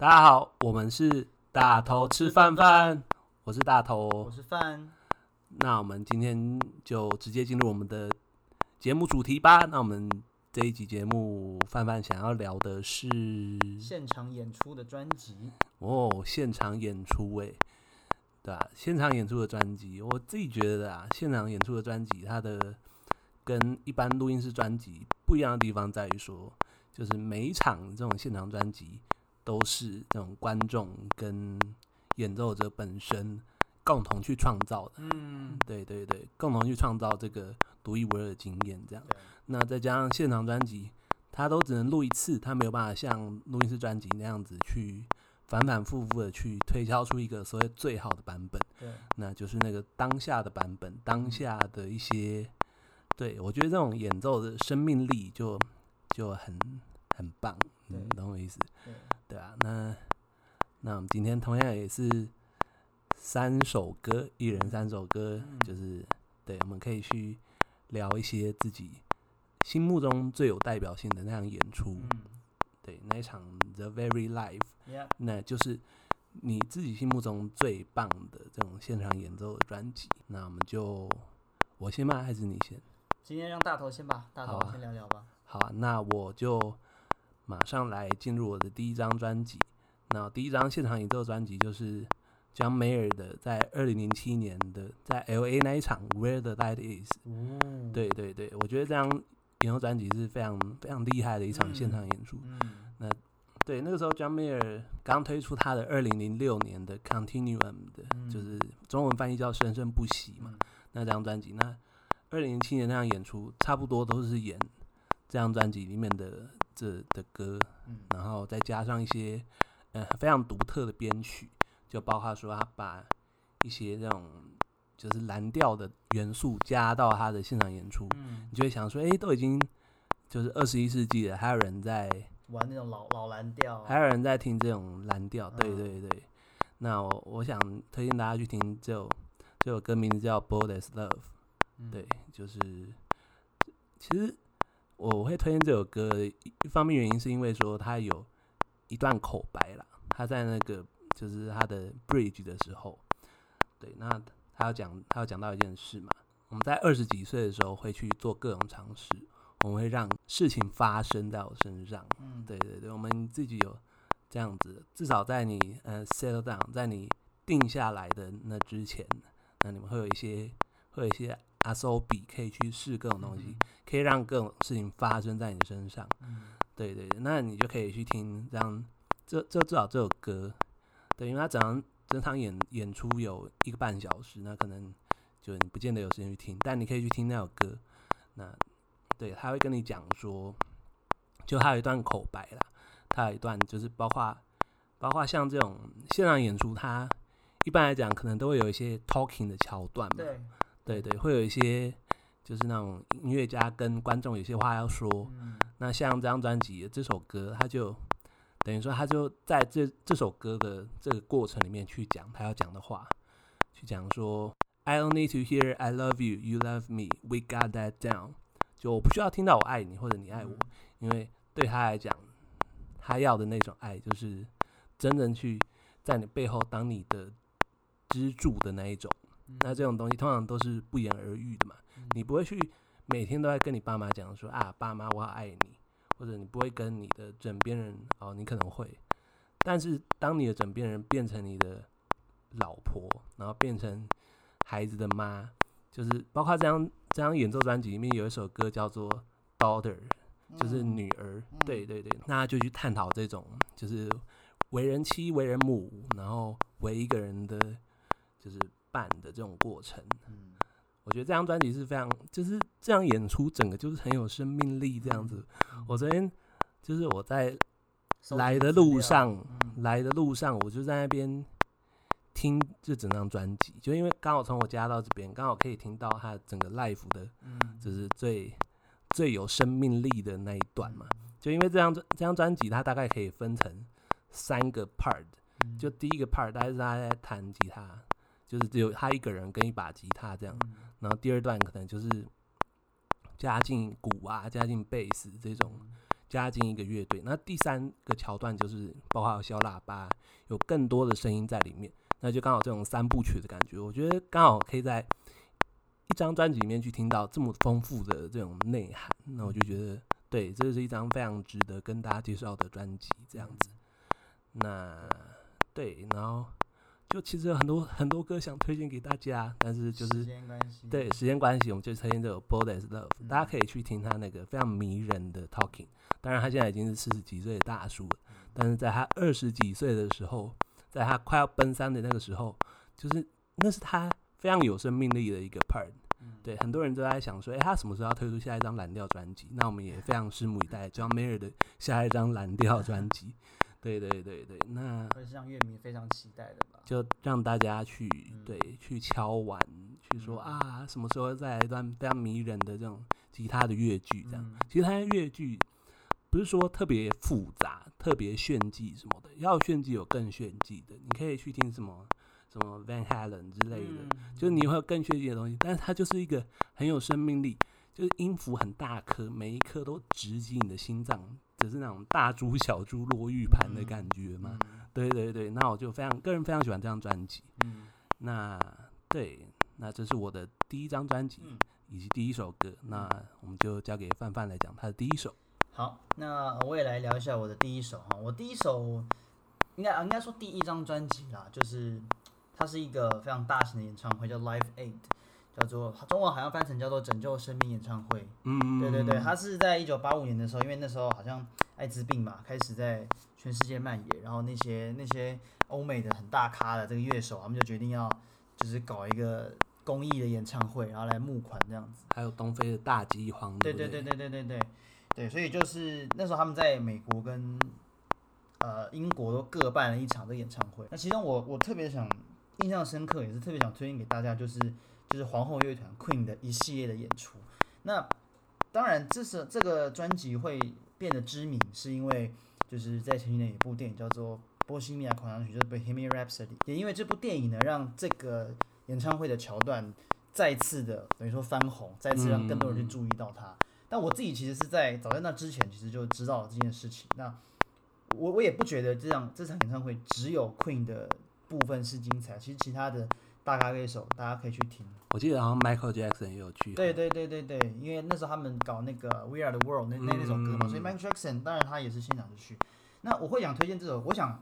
大家好，我們是大頭吃飯飯，我是飯，我是大頭，我是飯，那我們今天就直接進入我們的節目主題吧。那我們這一集節目，范范想要聊的是現場演出的專輯哦，現場演出哎、欸，對吧、啊？現場演出的專輯，我自己覺得啊，現場演出的專輯，它的跟一般錄音室專輯不一樣的地方在於說，就是每一場這種現場專輯。都是那種觀眾跟演奏者本身共同去創造的，嗯，對對對，共同去創造這個獨一無二的經驗，這樣。對那再加上現場專輯，他都只能錄一次，他沒有辦法像錄音室專輯那樣子去反反复复的去推敲出一個所謂最好的版本，對那就是那個當下的版本，當下的一些，對，我覺得這種演奏的生命力就就很很棒，嗯、對，懂我意思。對啊，那那我們今天同樣也是三首歌，一人三首歌，嗯、就是對，我們可以去聊一些自己心目中最有代表性的那樣演出。嗯、對，那一場《The Very Life》，那就是你自己心目中最棒的這種現場演奏的專輯。那我們就，我先吧？還是你先？今天讓大頭先吧，大頭先聊聊吧。好啊，好啊，那我就。馬上來進入我的第一張專輯。那第一張現場演奏專輯就是 y 美爾的，在二零零七年的在 L A 那一場《Where the Light Is、嗯》。對對對，我覺得這張演奏專輯是非常非常厲害的一場現場演出。嗯嗯、那對那個時候 y 美爾剛推出他的二零零六年的《Continuum》的，就是中文翻譯叫“生生不息”嘛，那張專輯。那二零零七年那樣演出，差不多都是演這樣專輯裡面的。的歌，嗯，然後再加上一些，呃，非常獨特的編曲，就包括說他把一些這種就是藍調的元素加到他的現場演出，嗯，你就會想說，哎，都已經就是二十一世紀了，還有人在玩那種老老藍調，哦，還有人在聽這種藍調，對對、啊、對。那我我想推薦大家去聽這首，這首歌名字叫《Bold As Love》，嗯、對，就是其實。我我會推薦這首歌，一一方面原因是因為說它有，一段口白了，他在那個就是他的 bridge 的時候，對，那他要講他要講到一件事嘛，我們在二十幾歲的時候會去做各種嘗試，我們會讓事情發生在我身上，嗯，對對對，我們自己有這樣子，至少在你呃 settle down，在你定下來的那之前，那你們會有一些會有一些。So 比可以去試各種東西，嗯、哼可以讓各種事情發生在你身上。嗯、對對，那你就可以去聽這樣，這這至少這首歌對，因為他整場整場演演出有一個半小時，那可能就你不見得有時間去聽，但你可以去聽那首歌。那對，他會跟你講說，就他有一段口白啦，他有一段就是包括包括像這種現場演出，他一般來講可能都會有一些 Talking 的橋段嘛。對。對對，會有一些就是那種音樂家跟觀眾有些話要說。嗯、那像這張專輯這首歌，他就等於說，他就在這這首歌的這個過程裡面去講他要講的話，去講說 “I don't need to hear I love you, you love me, we got that down”。就我不需要聽到我愛你或者你愛我，嗯、因為對他來講，他要的那種愛就是真正去在你背後當你的支柱的那一種。那這種東西通常都是不言而喻的嘛，嗯、你不會去每天都在跟你爸媽講說啊，爸媽我好愛你，或者你不會跟你的枕邊人哦你可能會。但是當你的枕邊人變成你的老婆，然後變成孩子的媽，就是包括這張這張演奏專輯裡面有一首歌叫做《Daughter》，就是女兒，嗯、對對對，那就去探討這種就是為人妻、為人母，然後為一個人的，就是。辦的這種過程，嗯、我覺得這張專輯是非常，就是這樣演出，整個就是很有生命力這樣子。嗯、我昨天就是我在來的路上，嗯、來的路上，我就在那邊聽這整張專輯，就因為剛好從我家到這邊，剛好可以聽到他整個 live 的，嗯、就是最最有生命力的那一段嘛。嗯、就因為這張這張專輯，它大概可以分成三個 part，、嗯、就第一個 part，大概是大家是他在彈吉他。就是只有他一個人跟一把吉他這樣，然後第二段可能就是加進鼓啊、加進貝斯這種，加進一個樂隊。那第三個橋段就是包括有小喇叭，有更多的聲音在裡面，那就剛好這種三部曲的感覺，我覺得剛好可以在一張專輯裡面去聽到這麼豐富的這種內涵。那我就覺得對，這是一張非常值得跟大家介紹的專輯，這樣子。那對，然後。就其實有很多很多歌想推薦給大家，但是就是時間關係，對，時間關係，我們就推薦這首《Bold As Love》。大家可以去聽他那個非常迷人的 Talking。當然，他現在已經是四十幾歲的大叔了，嗯、但是在他二十幾歲的時候，在他快要奔三的那個時候，就是那是他非常有生命力的一個 part，嗯。對，很多人都在想說，哎、欸，他什麼時候要推出下一張藍調專輯？那我們也非常拭目以待 John Mayer 的下一張藍調專輯。對對對對，那會是讓樂迷非常期待的吧？就讓大家去、嗯、對去敲碗，去說啊，什麼時候再來一段非常迷人的這種吉他的樂句？這樣，嗯、其實它的樂句不是說特別複雜、特別炫技什麼的，要炫技有更炫技的，你可以去聽什麼什麼 Van Halen 之類的，嗯、就是你會有更炫技的東西。但是它就是一個很有生命力，就是音符很大顆，每一顆都直擊你的心臟。就是那種大珠小珠落玉盤的感覺嘛，嗯嗯、對對對，那我就非常個人非常喜歡這張專輯，嗯，那對，那這是我的第一張專輯以及第一首歌，嗯、那我們就交給范范來講他的第一首。好，那我也來聊一下我的第一首哈，我第一首應該應該說第一張專輯啦，就是它是一個非常大型的演唱會，叫 Live Aid 叫做中文好像翻成，叫做拯救生命演唱會。嗯，對對對，他是在一九八五年的時候，因為那時候好像艾滋病嘛開始在全世界蔓延，然後那些那些歐美的很大咖的這個樂手，他們就決定要就是搞一個公益的演唱會，然後來募款這樣子。還有東非的大饑荒。對對，對對對對對對對，所以就是那時候他們在美國跟呃英國都各辦了一場的演唱會。那其中我我特別想印象深刻，也是特別想推薦給大家就是。就是皇後樂團 Queen 的一系列的演出，那當然，這是這個專輯會變得知名，是因為就是在前幾年有一部電影叫做《波西米亞狂想曲》，就是《Bohemian Rhapsody》，也因為這部電影呢，讓這個演唱會的橋段再次的等於說翻紅，再次讓更多人去注意到它。嗯、但我自己其實是在早在那之前，其實就知道了這件事情。那我我也不覺得這樣這場演唱會只有 Queen 的部分是精彩，其實其他的大咖歌手大家可以去聽。我記得好像 Michael Jackson 也有去。對對對對對，因為那時候他們搞那個 We Are the World 那那那首歌嘛，嗯，所以 Michael Jackson 當然他也是現場就去。那我會想推薦這首，我想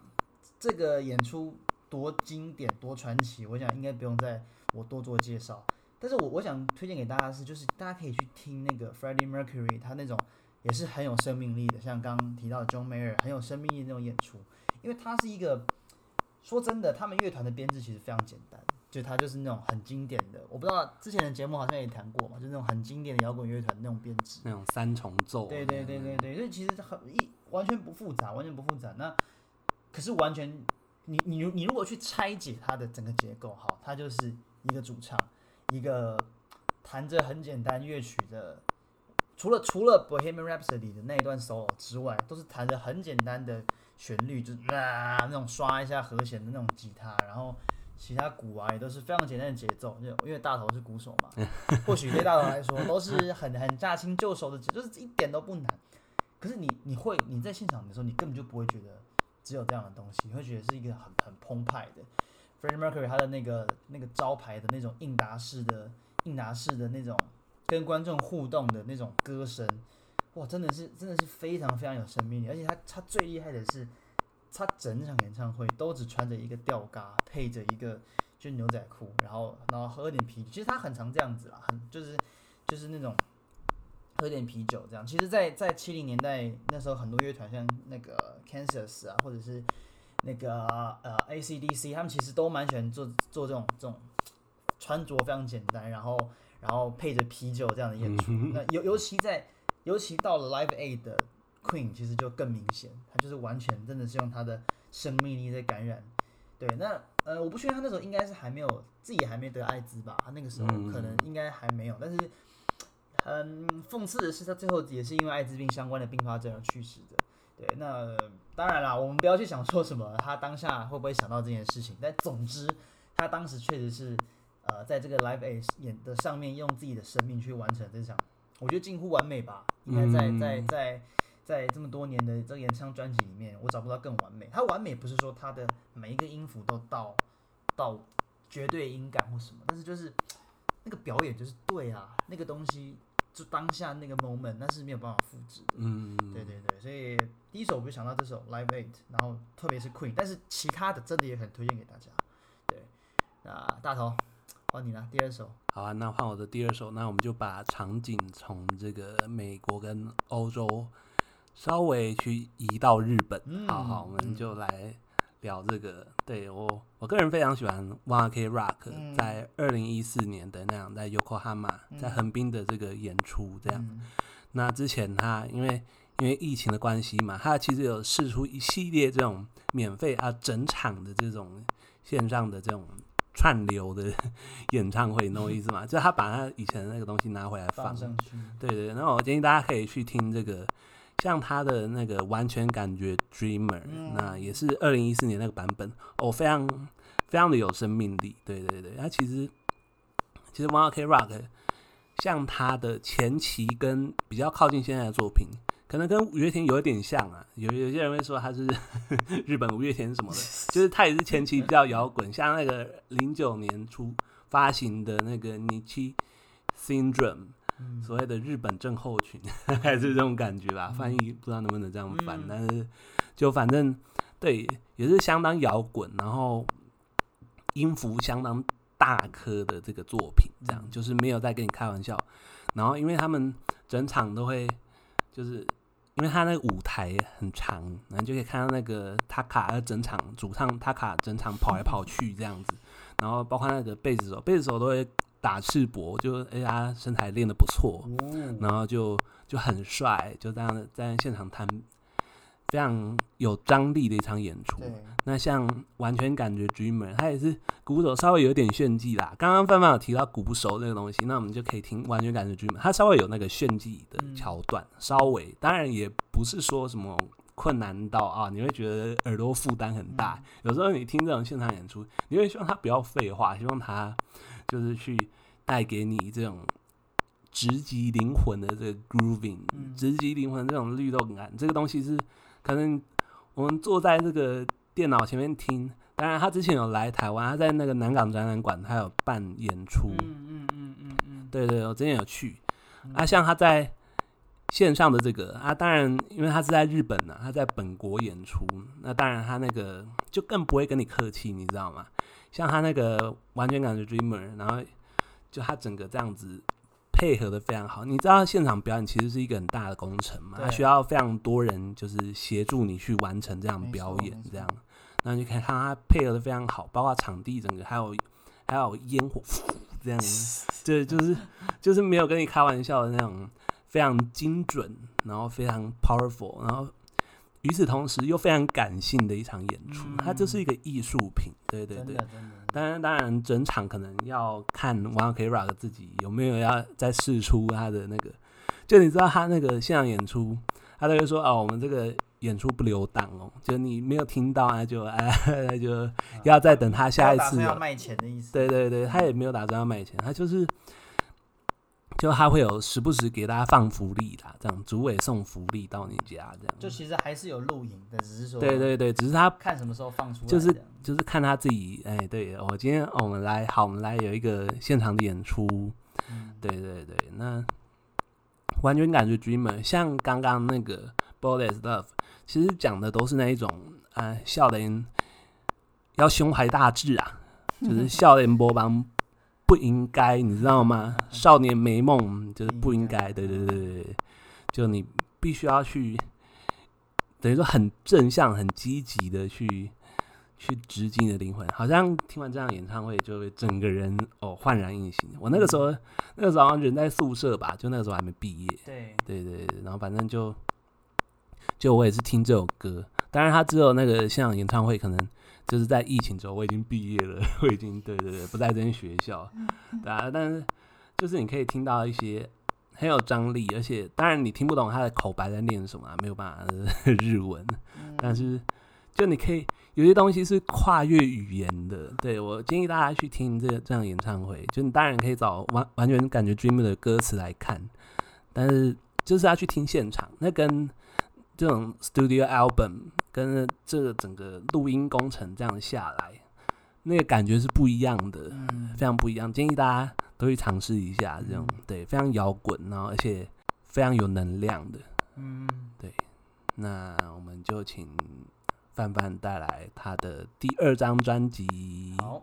這個演出多經典多傳奇，我想應該不用再我多做介紹。但是我我想推薦給大家是，就是大家可以去聽那個 Freddie Mercury，他那種也是很有生命力的，像剛剛提到的 John Mayer 很有生命力的那種演出，因為他是一個說真的，他們樂團的編制其實非常簡單。就他就是那種很經典的，我不知道之前的節目好像也談過嘛，就是、那種很經典的搖滾樂團那種編制，那種三重奏。對對對對對，所以其實很一完全不複雜，完全不複雜。那可是完全，你你你如果去拆解它的整個結構，好，它就是一個主唱，一個彈着很簡單樂曲的，除了除了 Bohemian Rhapsody 的那一段 solo 之外，都是彈着很簡單的旋律，就啊那種刷一下和弦的那種吉他，然後。其他鼓啊也都是非常簡單的節奏，就因為大頭是鼓手嘛， 或許對大頭來說都是很很駕輕就熟的，就是一點都不難。可是你你會你在現場的時候，你根本就不會覺得只有這樣的東西，你會覺得是一個很很澎湃的。Freddie Mercury 他的那個那個招牌的那種應答式的應答式的那種跟觀眾互動的那種歌聲，哇，真的是真的是非常非常有生命力，而且他他最厲害的是。他整場演唱會都只穿着一個吊嘎，配着一個就牛仔褲，然後然後喝點啤酒。其實他很常這樣子啦，很就是就是那種喝點啤酒這樣。其實在，在在七零年代那時候，很多樂團像那個 Kansas 啊，或者是那個呃 ACDC，他們其實都蠻喜歡做做這種這種穿着非常簡單，然後然後配着啤酒這樣的演出。嗯、哼那尤尤其在尤其到了 Live Aid。Queen 其實就更明顯，他就是完全真的是用他的生命力在感染。對，那呃，我不確定他那時候應該是還沒有自己還沒得艾滋吧？他那個時候可能應該還沒有。但是很呃、諷刺的是，他最後也是因為艾滋病相關的併發症而去世的。對，那、呃、當然啦，我們不要去想說什麼，他當下會不會想到這件事情？但總之，他當時確實是呃，在這個 Live Aid 的上面用自己的生命去完成這場，我覺得近乎完美吧。應該在在在。在在在這麼多年的這個演唱專輯裡面，我找不到更完美。它完美不是說它的每一個音符都到到絕對音感或什麼，但是就是那個表演就是對啊，那個東西就當下那個 moment 那是沒有辦法複制的。嗯,嗯，對對對，所以第一首我就想到這首 Live Aid，然後特別是 Queen，但是其他的真的也很推薦給大家。對，那大頭換你啦。第二首，好啊，那換我的第二首，那我們就把場景從這個美國跟歐洲。稍微去移到日本，嗯、好好，我們就來聊這個。嗯、對我，我個人非常喜歡 ONE OK ROCK、嗯、在二零一四年的那樣在 Yokohama、ok 嗯、在橫濱的這個演出，這樣。嗯、那之前他因為因為疫情的關係嘛，他其實有釋出一系列這種免費啊，整場的這種線上的這種串流的演唱會，你懂我意思嘛，是就他把他以前的那個東西拿回來放。放上去對，對對。然後我建議大家可以去聽這個。像他的那個完全感覺 Dreamer，、嗯、那也是二零一四年那個版本，哦，非常非常的有生命力。對對對，他其實其實 One Ok Rock，像他的前期跟比較靠近現在的作品，可能跟五月天有一點像啊。有有些人會說他是呵呵日本五月天什麼的， 就是他也是前期比較搖滾，像那個零九年初發行的那個《Niche Syndrome》。所謂的日本症候群，還是這種感覺吧。嗯、翻譯不知道能不能這樣翻，嗯、但是就反正對，也是相當搖滾，然後音符相當大顆的這個作品，這樣、嗯、就是沒有在跟你開玩笑。然後因為他們整場都會，就是因為他那個舞台很長，然後你就可以看到那個 Taka 呃整場主唱 Taka 整場跑來跑去這樣子，嗯、然後包括那個貝斯手，貝斯手都會。打赤膊，就哎呀，身材練得不錯，然後就就很帥，就在在現場彈非常有張力的一場演出。那像完全感覺 Dreamer，他也是鼓手稍微有點炫技啦。剛剛范范有提到鼓不熟這個東西，那我們就可以聽完全感覺 Dreamer，他稍微有那個炫技的橋段，稍微當然也不是說什麼困難到啊，你會覺得耳朵負擔很大。有時候你聽這種現場演出，你會希望他不要廢話，希望他。就是去帶給你這種直擊靈魂的這個 grooving，直擊靈魂這種律動感，這個東西是可能我們坐在這個電腦前面聽。當然，他之前有來台灣，他在那個南港展覽館他有辦演出。嗯嗯嗯嗯嗯。對對，我之前有去。啊。像他在線上的這個，啊，當然，因為他是在日本呢、啊，他在本國演出，那當然他那個就更不會跟你客氣，你知道嗎？像他那個完全感覺 Dreamer，然後就他整個這樣子配合的非常好。你知道現場表演其實是一個很大的工程嘛，他對需要非常多人就是協助你去完成這樣表演這樣，那你可以看他配合的非常好，包括場地整個，還有還有煙火這樣，對， 就是就是沒有跟你開玩笑的那種非常精準，然後非常 powerful，然後。與此同時，又非常感性的一場演出，它、嗯、就是一個藝術品。對對對，當然當然，整場可能要看王 a 可以 r o 自己有沒有要再試出他的那個，就你知道他那個現場演出，他都會說哦，我們這個演出不留檔哦，就你沒有聽到，他就哎，就要再等他下一次、哦。有、啊、賣錢的意思。對對對，他也沒有打算要賣錢，他就是。就他會有時不時給大家放福利的，這樣組委送福利到你家這樣。就其實還是有錄影的，只是說對對對，只是他看什麼時候放出來。就是就是看他自己，哎、欸，對我、哦、今天、哦、我們來好，我們來有一個現場的演出，嗯、對對對，那完全感覺 dreamer 像剛剛那個《Bold As Love》，其實講的都是那一種呃少年，要胸懷大志啊，就是少年波幫。不應該，你知道嗎？嗯、少年沒夢，嗯、就是不應該，嗯、對對對對，嗯、就你必須要去，等於說很正向、很積極的去去直擊你的靈魂。好像聽完這場演唱會，就會整個人哦煥然一新。我那個時候、嗯、那個時候好像人在宿舍吧，就那個時候還沒畢業，對，對對對，然後反正就就我也是聽這首歌。當然，他只有那個現場演唱會，可能就是在疫情之後，我已經畢業了，我已經對對對不在這些學校，對啊。但是就是你可以聽到一些很有張力，而且當然你聽不懂他的口白在念什麼、啊，沒有辦法是日文。但是就是你可以有些東西是跨越語言的。對，我建議大家去聽這個這場演唱會，就你當然可以找完完全感覺 Dream 的歌詞來看，但是就是要去聽現場，那跟這種 Studio Album。跟這個整個錄音工程這樣下來，那個感覺是不一樣的，嗯、非常不一樣。建議大家都去嘗試一下、嗯、這種，對，非常搖滾、哦，然後而且非常有能量的，嗯，對。那我們就請范范帶來他的第二張專輯。好，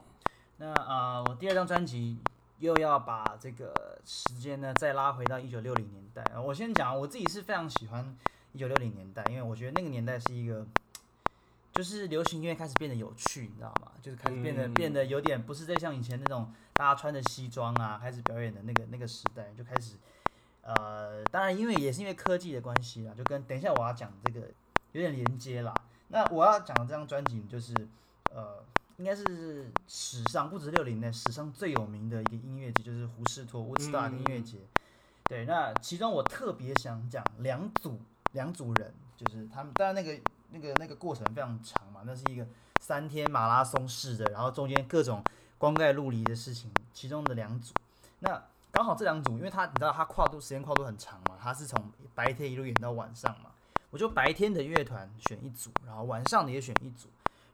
那啊、呃，我第二張專輯又要把這個時間呢再拉回到一九六零年代。我先講，我自己是非常喜歡。一九六零年代，因為我覺得那個年代是一個，就是流行音樂開始變得有趣，你知道嗎？就是開始變得、嗯、變得有點不是在像以前那種大家穿着西裝啊開始表演的那個那個時代，就開始呃，當然因為也是因為科技的關係啦，就跟等一下我要講這個有點連接啦。那我要講的這張專輯就是呃，應該是史上不止六零年代史上最有名的一個音樂節，就是胡士托烏茲達的音樂節。對，那其中我特別想講兩組。兩組人就是他們，當然那個那個那個過程非常長嘛，那是一個三天馬拉松式的，然後中間各種光怪陸離的事情，其中的兩組，那剛好這兩組，因為他你知道他跨度時間跨度很長嘛，他是從白天一路演到晚上嘛，我就白天的樂團選一組，然後晚上的也選一組，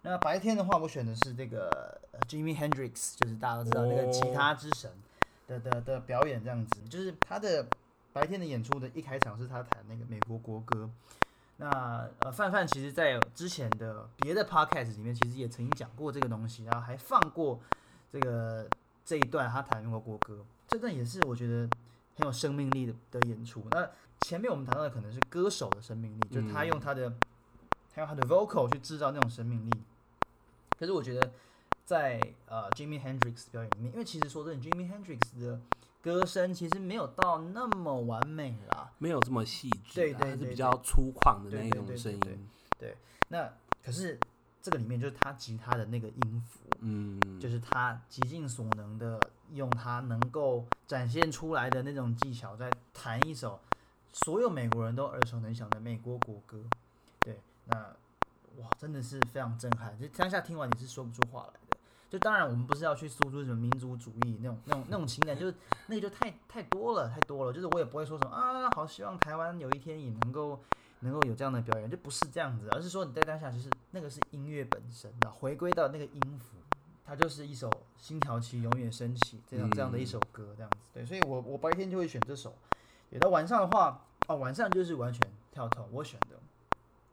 那白天的話我選的是這個呃 Jimi Hendrix，就是大家都知道那個吉他之神的的的表演這樣子，oh. 就是他的。白天的演出呢，一開場是他彈那個美國國歌。那呃，范范其實在之前的別的 podcast 裡面，其實也曾經講過這個東西，然後還放過這個這一段他彈美國國歌。這段也是我覺得很有生命力的的演出。那前面我們談到的可能是歌手的生命力，嗯、就是他用他的他用他的 vocal 去制造那種生命力。可是我覺得在呃，Jimi Hendrix 表演裡面，因為其實說真的，Jimi Hendrix 的。歌聲其實沒有到那麼完美啦，沒有這麼細緻，對對對對對，還是比較粗獷的那種聲音。對，對，對，對，對，對，對，那可是這個裡面就是他吉他的那個音符，嗯，就是他極盡所能的用他能夠展現出來的那種技巧，在彈一首所有美國人都耳熟能詳的美國國歌。對，那哇，真的是非常震撼，就當下聽完你是說不出話來。就當然，我們不是要去輸出什麼民族主義那種、那種、那種情感，就是那個就太太多了，太多了。就是我也不會說什麼啊，好希望台灣有一天也能夠能夠有這樣的表演，就不是這樣子，而是說你在當下就是那個是音樂本身，回歸到那個音符，它就是一首《星條旗永遠升起》這樣這樣的一首歌，這樣子。對，所以我我白天就會選這首，也到晚上的話啊、哦，晚上就是完全跳脫我選的，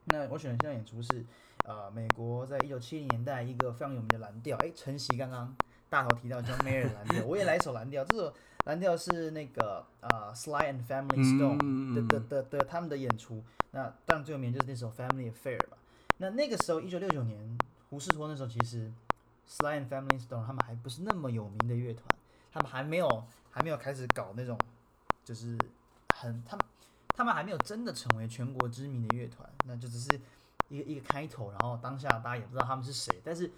那我選的現在演出是。呃、美國在一九七零年代一個非常有名的藍調，哎、欸，晨曦剛剛大頭提到叫、er《John Mayer 藍調》，我也來一首藍調。這首藍調是那個啊、呃、，Sly and Family Stone 嗯嗯嗯嗯的的的，的他們的演出。那當然最有名就是那首《Family Affair》吧。那那個時候，一九六九年，胡士托那時候其實 Sly and Family Stone 他們還不是那麼有名的樂團，他們還沒有還沒有開始搞那種就是很他們他們還沒有真的成為全國知名的樂團，那就只是。一個一個開頭，然後當下大家也不知道他們是誰，但是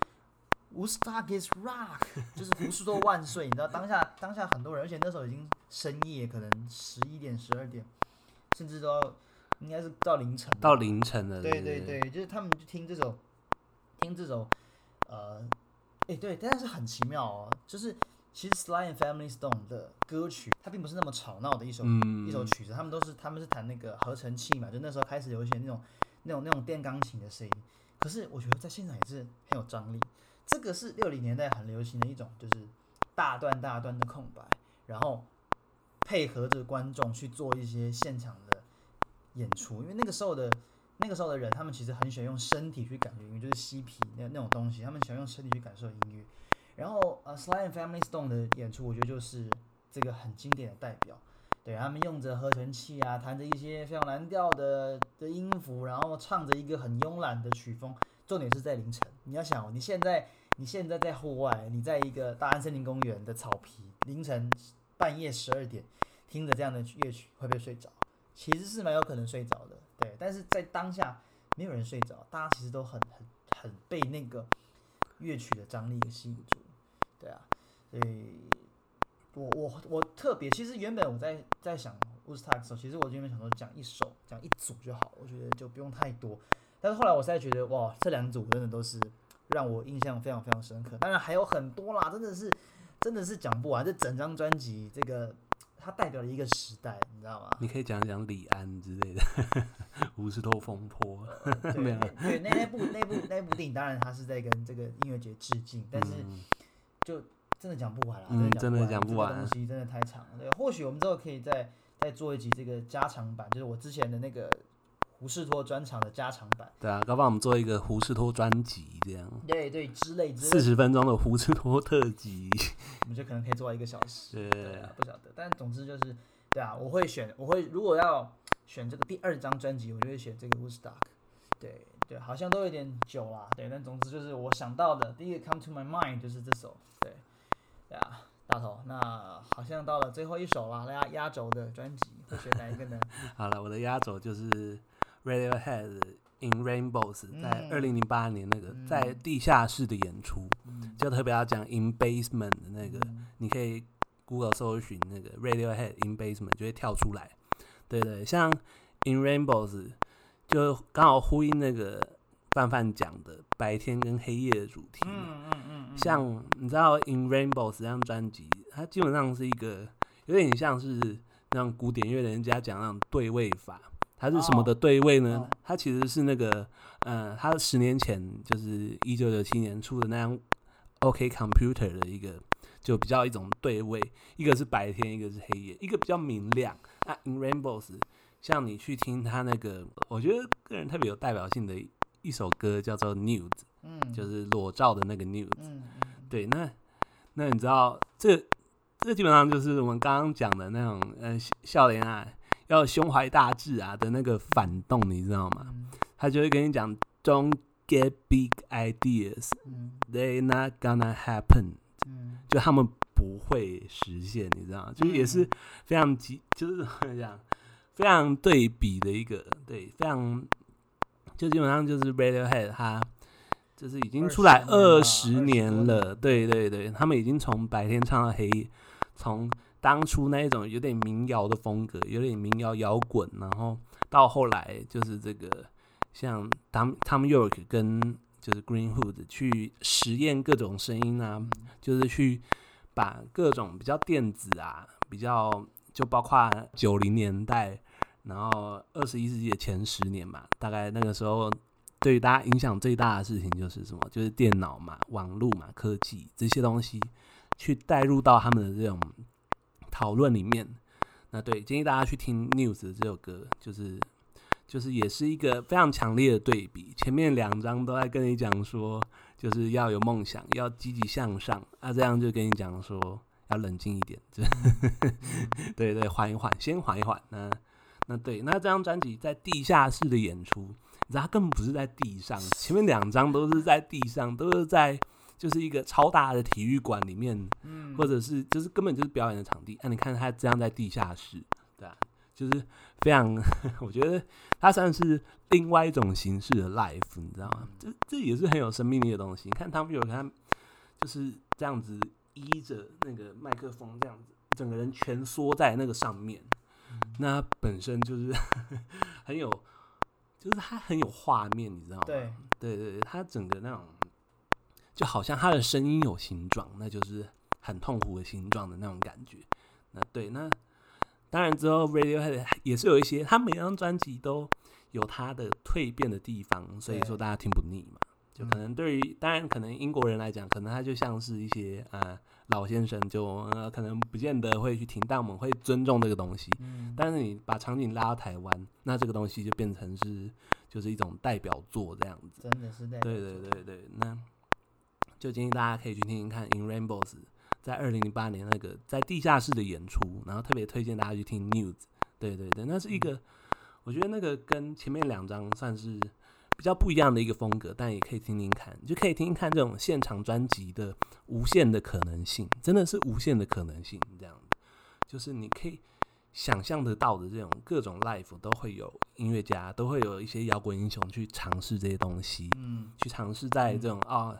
，Woodstock is rock，就是吳叔多萬歲，你知道當下當下很多人，而且那時候已經深夜，可能十一點十二點，甚至都應該是到凌晨。到凌晨了。對對對，對對對，就是他們就聽這首，聽這首，呃，誒、欸，對，但是很奇妙哦，就是其實 Sly and Family Stone 的歌曲，它並不是那麼吵鬧的一首、嗯、一首曲子，他們都是他們是彈那個合成器嘛，就那時候開始有一些那種。那種那種電鋼琴的聲音，可是我覺得在現場也是很有張力。這個是六零年代很流行的一種，就是大段大段的空白，然後配合着觀眾去做一些現場的演出。因為那個時候的那個時候的人，他們其實很喜歡用身體去感覺，因為就是嬉皮那那種東西，他們喜歡用身體去感受音樂。然後呃，Sly and Family Stone 的演出，我覺得就是這個很經典的代表。對，他們用着合成器啊，彈着一些非常藍調的的音符，然後唱着一個很慵懶的曲風。重點是在凌晨，你要想，你現在你現在在戶外，你在一個大安森林公園的草皮，凌晨半夜十二點，聽着這樣的樂曲，會不會睡着？其實是蠻有可能睡着的，對。但是在當下，沒有人睡着，大家其實都很很很被那個樂曲的張力給吸引住，對啊，所以。我我我特別，其實原本我在在想 Woodstock 的時候，其實我就原本想說講一首，講一組就好，我覺得就不用太多。但是後來我現在覺得，哇，這兩組真的都是讓我印象非常非常深刻。當然還有很多啦，真的是真的是講不完。這整張專輯，這個它代表了一個時代，你知道嗎？你可以講一講李安之類的，呵呵《胡士托風波，嗯、對沒有 對，對，那部那部那部那部電影，當然他是在跟這個音樂節致敬，但是、嗯、就。真的講不完啦！真的講不完，了、嗯、這個東西真的太長了。對，或許我們之後可以再再做一集這個加長版，就是我之前的那個胡士托專場的加長版。對啊，搞不好我們做一個胡士托專輯這樣。對對，之類之類的。四十分鐘的胡士托特輯，我們就可能可以做一個小時。 對，對，不曉得，但總之就是，對啊，我會選，我會如果要選這個第二張專輯，我就會選這個 Woodstock。對對，好像都有點久啦。對，但總之就是我想到的第一個 Come to My Mind 就是這首。對。對啊，yeah, 大頭，那好像到了最後一首了，大家壓軸的專輯我選哪一個呢？ 好了，我的壓軸就是 Radiohead In Rainbows、嗯、在二零零八年那個在地下室的演出，嗯、就特別要講 In Basement 的那個，嗯、你可以 Google 搜尋那個 Radiohead In Basement 就會跳出來。對對，像 In Rainbows 就剛好呼應那個范范講的白天跟黑夜的主題。嗯嗯像你知道，In Rainbows 這張專輯，它基本上是一個有點像是那種古典樂的人家講那種對位法。它是什麼的對位呢？它其實是那個，嗯，它十年前就是一九九七年出的那樣，OK Computer 的一個就比較一種對位，一個是白天，一個是黑夜，一個比較明亮。那 In Rainbows，像你去聽他那個，我覺得個人特別有代表性的一首歌叫做 Nude。嗯，就是裸照的那個 news，、嗯嗯嗯、對，那那你知道，這這基本上就是我們剛剛講的那種，呃，少年啊，要胸懷大志啊的那個反動，你知道嗎？嗯、他就會跟你講 "Don't get big ideas,、嗯、they're not gonna happen"，嗯，就他們不會實現，你知道嗎，就是也是非常極，就是怎麼講，非常對比的一個，對，非常就基本上就是 Radiohead 他。就是已經出來二十年了，年了對對對，他們已經從白天唱到黑夜，從當初那一種有點民謠的風格，有點民謠搖滾，然後到後來就是這個像 Thom, Tom 們又 York 跟就是 Green Hood 去實驗各種聲音啊，嗯、就是去把各種比較電子啊，比較就包括九零年代，然後二十一世紀的前十年嘛，大概那個時候。對大家影響最大的事情就是什麼？就是電腦嘛、網絡嘛、科技這些東西，去帶入到他們的這種討論裡面。那對，建議大家去聽《News》這首歌，就是就是也是一個非常強烈的對比。前面兩張都在跟你講說，就是要有夢想，要積極向上。那、啊、這樣就跟你講說，要冷靜一點，呵呵，對對，緩一緩，先緩一緩。那那對，那這張專輯在地下室的演出。他根本不是在地上，前面兩張都是在地上，都是在就是一個超大的體育館裡面，嗯、或者是就是根本就是表演的場地。那、啊、你看他這樣在地下室，對啊，就是非常，我覺得他算是另外一種形式的 live 你知道嗎？這、嗯、這也是很有生命力的東西。你看 Thom Yorke 他就是這樣子依着那個麥克風這樣子，整個人蜷縮在那個上面，嗯、那本身就是呵呵很有。就是他很有畫面，你知道嗎？對對對，他整個那種就好像他的聲音有形狀，那就是很痛苦的形狀的那種感覺。那對，那當然之後 Radiohead 也是有一些，他每一張專輯都有他的蛻變的地方，所以說大家聽不膩嘛。就可能對於、嗯、當然可能英國人來講，可能他就像是一些呃老先生就，就呃可能不見得會去聽但我們會尊重這個東西。嗯、但是你把場景拉到台灣，那這個東西就變成是就是一種代表作這樣子。真的是代表作。對對對對，那就建議大家可以去聽聽看 In Rainbows 在二零零八年那個在地下室的演出，然後特別推薦大家去聽 Nude。對對對，那是一個、嗯、我覺得那個跟前面兩張算是。比較不一樣的一個風格，但也可以聽聽看，你就可以聽聽看這種現場專輯的無限的可能性，真的是無限的可能性。這樣就是你可以想象得到的這種各種 live 都會有音樂家，都會有一些搖滾英雄去嘗試這些東西，嗯，去嘗試在這種、嗯、啊，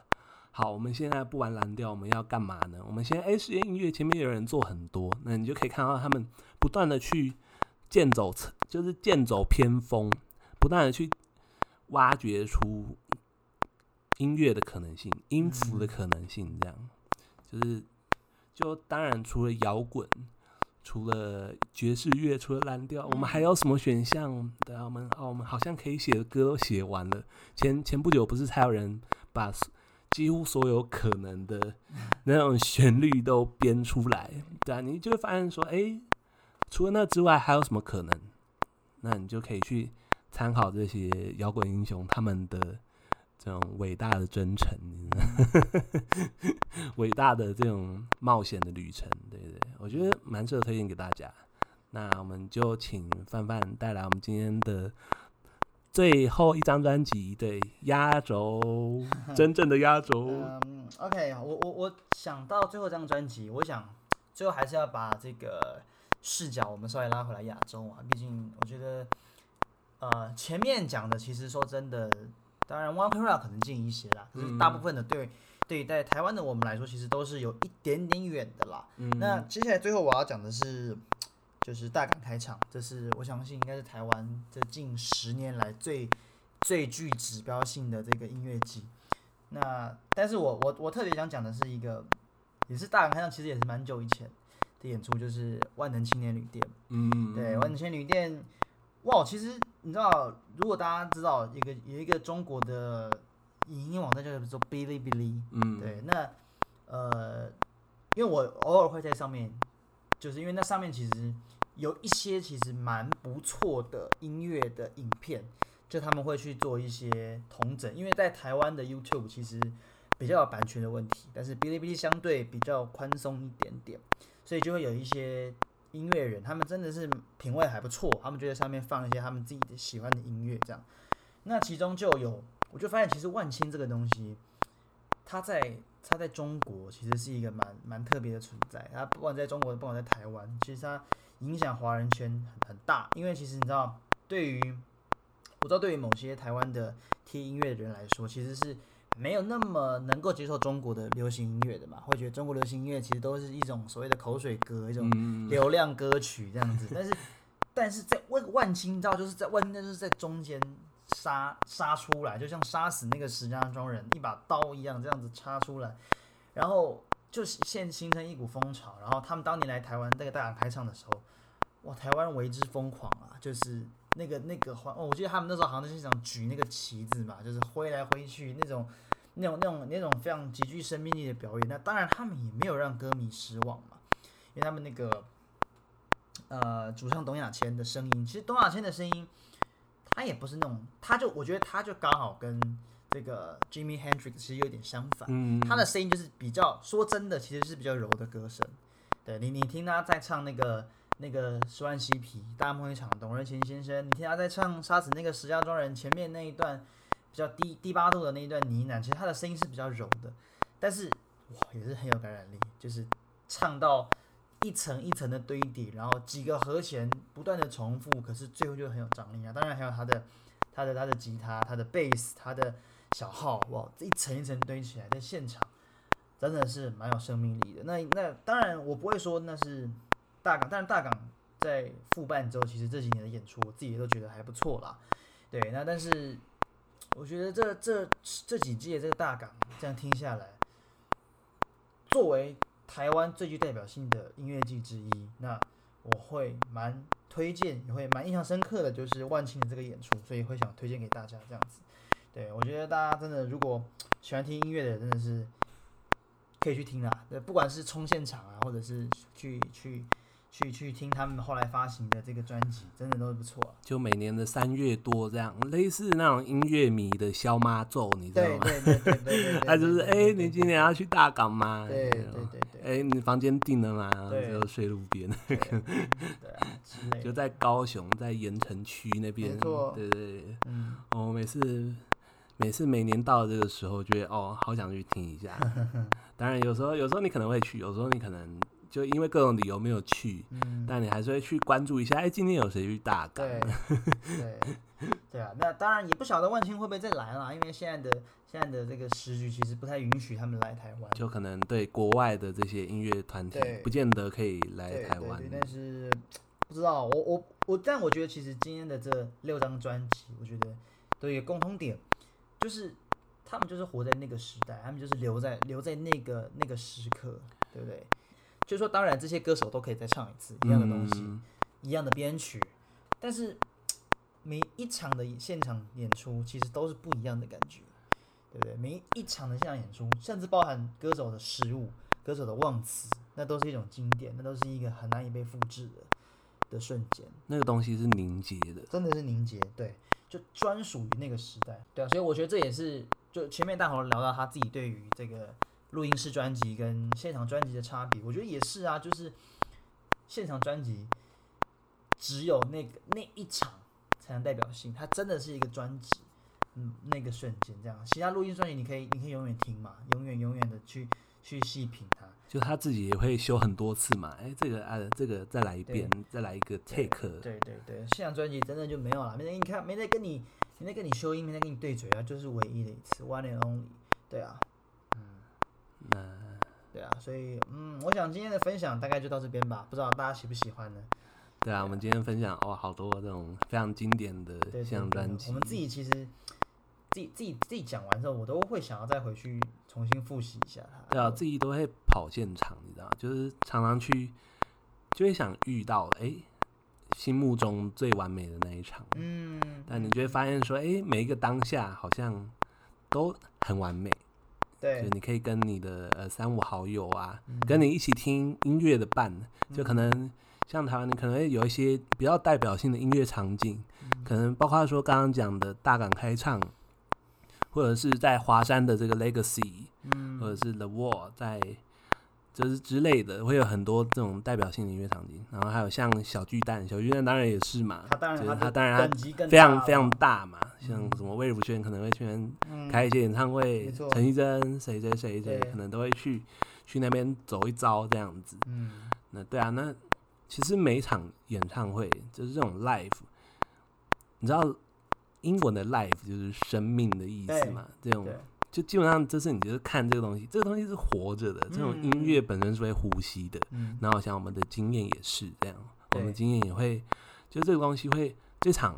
好，我們現在不玩藍調，我們要干嘛呢？我們現在哎，欸、世界音樂前面有人做很多，那你就可以看到他們不斷的去劍走，就是劍走偏鋒，不斷的去。挖掘出音樂的可能性，音符的可能性，這樣、嗯、就是就當然除了搖滾，除了爵士樂，除了藍調，嗯、我們還有什麼選項？等下、啊、我們啊、哦，我們好像可以寫的歌都寫完了。前前不久不是才有人把幾乎所有可能的那種旋律都編出來？嗯、對啊，你就會發現說，誒，除了那之外還有什麼可能？那你就可以去。參考這些搖滾英雄他們的這種偉大的征程，偉 大的這種冒險的旅程，對不對，對？我覺得蠻值得推薦給大家。那我們就請范范帶來我們今天的最後一張專輯，對，壓軸，真正的壓軸。 嗯，OK，我我我想到最後一張專輯，我想最後還是要把這個視角我們稍微拉回來亞洲啊，畢竟我覺得。呃，前面講的其實說真的，當然 Vancouver 可能近一些啦，就是大部分的對，mm hmm. 對在台灣的我們來說，其實都是有一點點遠的啦。Mm hmm. 那接下來最後我要講的是，就是大港開唱，這是我相信應該是台灣這近十年來最最具指標性的這個音樂季。那但是我我我特別想講的是一個，也是大港開唱，其實也是蠻久以前的演出，就是《萬能青年旅店》。嗯，對，《萬能青年旅店》。哇，wow, 其實你知道，如果大家知道一個有一個中國的影音網站，叫做嗶哩嗶哩，嗯，對，那呃，因為我偶爾會在上面，就是因為那上面其實有一些其實蠻不錯的音樂的影片，就他們會去做一些統整，因為在台灣的 YouTube 其實比較有版權的問題，但是嗶哩嗶哩相對比較寬鬆一點點，所以就會有一些。音樂人他們真的是品味還不錯，他們就在上面放一些他們自己的喜歡的音樂，這樣。那其中就有，我就發現其實萬青這個東西，它在它在中國其實是一個蠻蠻特別的存在。它不管在中國，不管在台灣，其實它影響華人圈很很大。因為其實你知道，對於我知道對於某些台灣的聽音樂的人來說，其實是。沒有那麼能夠接受中國的流行音樂的嘛，會覺得中國流行音樂其實都是一種所謂的口水歌，一種流量歌曲這樣子。嗯、但是， 但是在萬萬青，你知道，就是在萬青，就是在中間殺殺出來，就像殺死那個石家莊人一把刀一樣，這樣子插出來，然後就現形成一股風潮。然後他們當年來台灣那個大家開唱的時候，哇，台灣為之瘋狂啊，就是。那個那個、哦、我記得他們那時候好像是想舉那個旗子嘛，就是揮來揮去那種，那種那種那種非常極具生命力的表演。那當然他們也沒有讓歌迷失望嘛，因為他們那個，呃，主唱董亞千的聲音，其實董亞千的聲音，他也不是那種，他就我覺得他就剛好跟這個 Jimi Hendrix 其實有點相反，他、嗯嗯嗯、的聲音就是比較說真的，其實是比較柔的歌聲。對你，你聽他在唱那個。那個《十萬嬉皮》大夢一場，董琴先生，你聽他在唱《殺死那個石家莊人》前面那一段比較低低八度的那一段呢喃，其實他的聲音是比較柔的，但是哇，也是很有感染力，就是唱到一層一層的堆疊，然後幾個和弦不斷的重複，可是最後就很有張力啊！當然還有他的他的他的，他的吉他、他的貝斯、他的小號，哇，這一層一層堆起來在現場，真的是蠻有生命力的。那那當然，我不會說那是。大港，但大港在復辦之後，其實這幾年的演出我自己都覺得還不錯啦。對，那但是我覺得這這這幾屆這個大港，這樣聽下來，作為台灣最具代表性的音樂祭之一，那我會蠻推薦，也會蠻印象深刻的就是萬青的這個演出，所以會想推薦給大家這樣子。對，我覺得大家真的如果喜歡聽音樂的，真的是可以去聽啊，不管是衝現場啊，或者是去去。去去聽他們後來發行的這個專輯，真的都是不錯啊。就每年的三月多這樣，類似那種音樂迷的消媽咒，你知道嗎？對對對對對，對。他，啊、就是哎、欸，你今年要去大港嗎？對對對對。哎、欸，你房間訂了嗎？對，就睡路邊，啊、就在高雄，在鹽埕區那邊。沒錯。對對對。嗯、我每次每次每年到這個時候，覺得哦，好想去聽一下。 當然，有時候有時候你可能會去，有時候你可能。就因為各種理由沒有去，嗯、但你還是會去關注一下。哎、欸，今天有誰去大港？對 對啊，那當然也不曉得萬青會不會再來啦，因為現在的現在的這個時局其實不太允許他們來台灣。就可能對國外的這些音樂團體對，不見得可以來台灣。對對對，但是不知道我我我，但我覺得其實今天的這六張專輯，我覺得都有共通點，就是他們就是活在那個時代，他們就是留在留在那個那個時刻，對不對？就是說，當然這些歌手都可以再唱一次一樣的東西，嗯、一樣的編曲，但是每一場的現場演出其實都是不一樣的感覺，對不對？每一場的現場演出，甚至包含歌手的失誤、歌手的忘詞，那都是一種經典，那都是一個很難以被複製的、的瞬間。那個東西是凝結的，真的是凝結，對，就專屬於那個時代，對啊。所以我覺得這也是，就前面大夥聊到他自己對於這個。錄音室專輯跟現場專輯的差別，我覺得也是啊，就是現場專輯只有那個那一場才能代表性，它真的是一個專輯，嗯，那個瞬間這樣。其他錄音專輯你可以，你可以永遠聽嘛，永遠永遠的去去細品它。就他自己也會修很多次嘛，誒、欸，這個啊，這個再來一遍，了再來一個 take。對對對，現場專輯真的就沒有了，沒得你看，沒得跟，跟你，沒得跟你修音，沒得跟你對嘴啊，就是唯一的一次，one and only，對啊。那，對啊，所以嗯，我想今天的分享大概就到這邊吧，不知道大家喜不喜歡呢？對啊，對啊，我們今天分享哦，好多這種非常經典的現場專輯。我們自己其實自己自己自己講完之後，我都會想要再回去重新複習一下它。對，對啊，自己都會跑現場，你知道嗎，就是常常去，就會想遇到哎、欸，心目中最完美的那一場，嗯，但你就會發現說，哎、欸，每一個當下好像都很完美。對，就你可以跟你的呃三五好友啊，嗯、跟你一起聽音樂的伴，就可能像台灣，你可能有一些比較代表性的音樂場景，嗯、可能包括說剛剛講的大港開唱，或者是在華山的這個 Legacy，嗯、或者是 The Wall 在。就是之類的，會有很多這種代表性的音樂場景，然後還有像小巨蛋，小巨蛋當然也是嘛，他當然他，他就當然他非常，非常非常大嘛，嗯、像什麼魏如萱可能會去開一些演唱會，陳綺貞誰誰誰誰可能都會去去那邊走一遭這樣子。嗯、那對啊，那其實每一場演唱會就是這種 live，你知道英文的 live 就是生命的意思嘛，對這種。就基本上，這是你就是看這個東西，這個東西是活着的。這種音樂本身是會呼吸的，嗯、然後像我們的經驗也是這樣，嗯、我們經驗也會，就這個東西會這場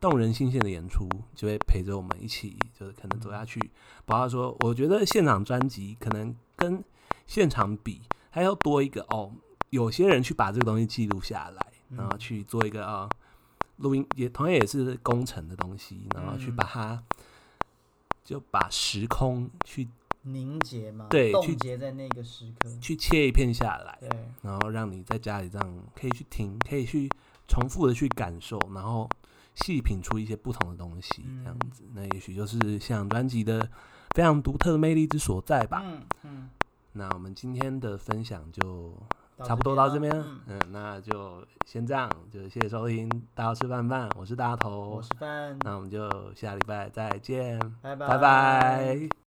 動人心弦的演出就會陪着我們一起，就是可能走下去。嗯、包括說，我覺得現場專輯可能跟現場比還要多一個哦，有些人去把這個東西記錄下來，然後去做一個啊、哦、錄音，也同樣也是工程的東西，然後去把它。嗯嗯就把時空去凝結嗎？對，凍結在那個時刻，去切一片下來，對，然後讓你在家裡這樣可以去聽，可以去重複的去感受，然後細品出一些不同的東西，這樣子，嗯、那也許就是現場專輯的非常獨特的魅力之所在吧。嗯，嗯那我們今天的分享就。啊、差不多到這邊，啊，嗯，嗯，那就先這樣，就謝謝收聽，大家吃飯飯，我是大頭，我是飯，那我們就下禮拜再見，拜拜。拜拜。